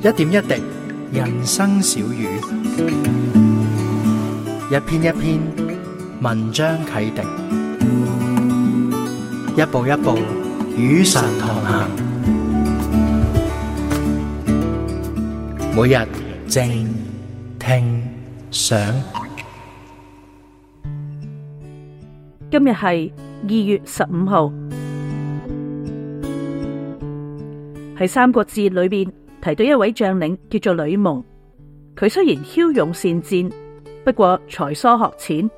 一點一滴，人生小語；一篇一篇，文章啟迪；一步一步，與散同行。每日靜聽想，今日係二月十五號，喺三個字裏邊。提到一位將領叫做呂蒙，佢雖然驍勇善戰，不過才疏學淺。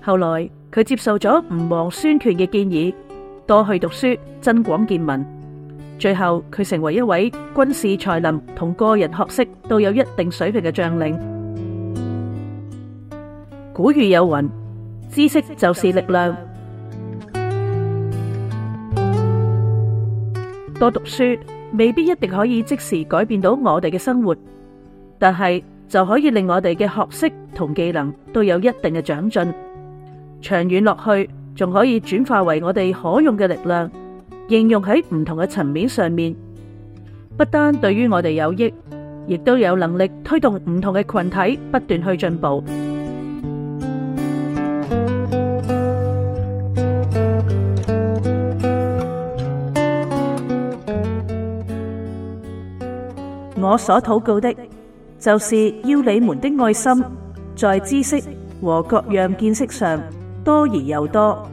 後來佢接受咗吳王孫權嘅建議，多去讀書，增廣見聞。最後佢成為一位軍事才能同個人學識都有一定水平嘅將領。古語有云：知識就是力量。多讀書。未必一定可以即時改變到我哋嘅生活，但係就可以令我哋嘅學識同技能都有一定嘅長進，長遠落去仲可以轉化為我哋可用嘅力量，應用喺唔同嘅層面上面，不單對於我哋有益，亦都有能力推動唔同嘅群體不斷去進步。我所禱告的，就是要你們的愛心在知識和各樣見識上多而又多，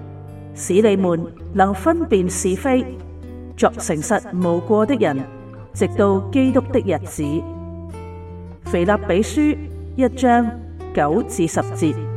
使你們能分辨是非，作誠實無過的人，直到基督的日子。腓立比書一章九至十節。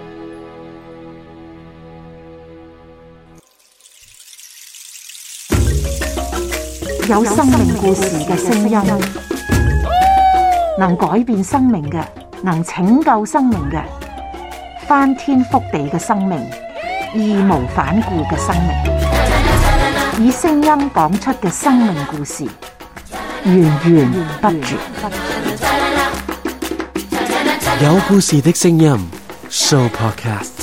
有生命故事嘅聲音，能改變生命嘅，能拯救生命嘅，翻天覆地嘅生命，義無反顧嘅生命，以聲音講出嘅生命故事，源源不絕。有故事嘅聲音，Sooo Podcast。